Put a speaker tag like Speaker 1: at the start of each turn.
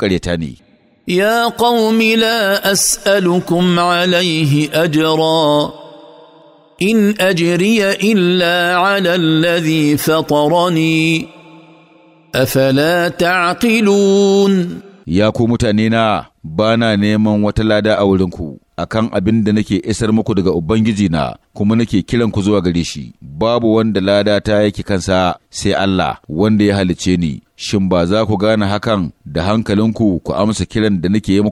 Speaker 1: ƙaryata ne.
Speaker 2: Ya ƙaumi la as'alukum alaihi ajira, in ajiriya illa ala alladhi fatarani, afala ta'qilun.
Speaker 3: Ya ku mutane na ba na neman wata lada a wurinku. akan abin da nake isar muku daga Ubangiji na kuma nake kiran ku zuwa gare shi, babu wanda lada ta yake kansa sai Allah wanda ya halicce ni shin ba za ku gane hakan da hankalinku
Speaker 4: ku amsa kiran da nake yi